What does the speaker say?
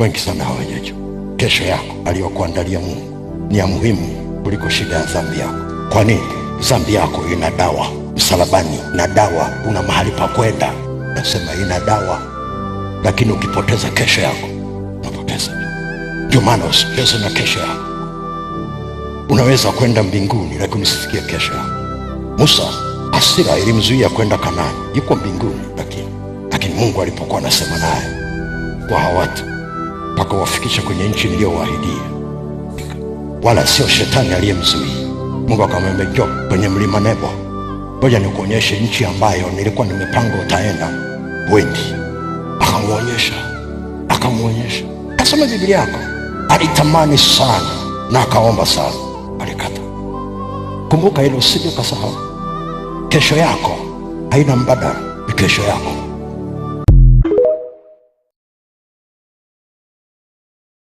Wengi sana hawajajua kesho yako aliyokuandalia Mungu ni ya muhimu kuliko shida ya dhambi yako. Kwa nini? Dhambi yako ina dawa msalabani, na dawa una mahali pa kwenda, nasema ina dawa, lakini ukipoteza kesho yako unapoteza. Ndio maana usicheze na kesho yako. Unaweza kwenda mbinguni, lakini usifikie kesho yako. Musa asira ilimzuia kwenda kanani yuko mbinguni, lakini lakini Mungu alipokuwa anasema naye kwa hawatu mpaka wafikisha kwenye nchi niliyowaahidia, wala sio shetani aliyemzuia. Mungu akamwambia, njoo kwenye mlima Nebo, ngoja nikuonyeshe nchi ambayo nilikuwa nimepanga utaenda, wendi. Akamwonyesha, akamwonyesha. Kasoma Biblia yako. Alitamani sana na akaomba sana, alikata. Kumbuka hilo, usije kasahau. Kesho yako haina mbadala, ni kesho yako.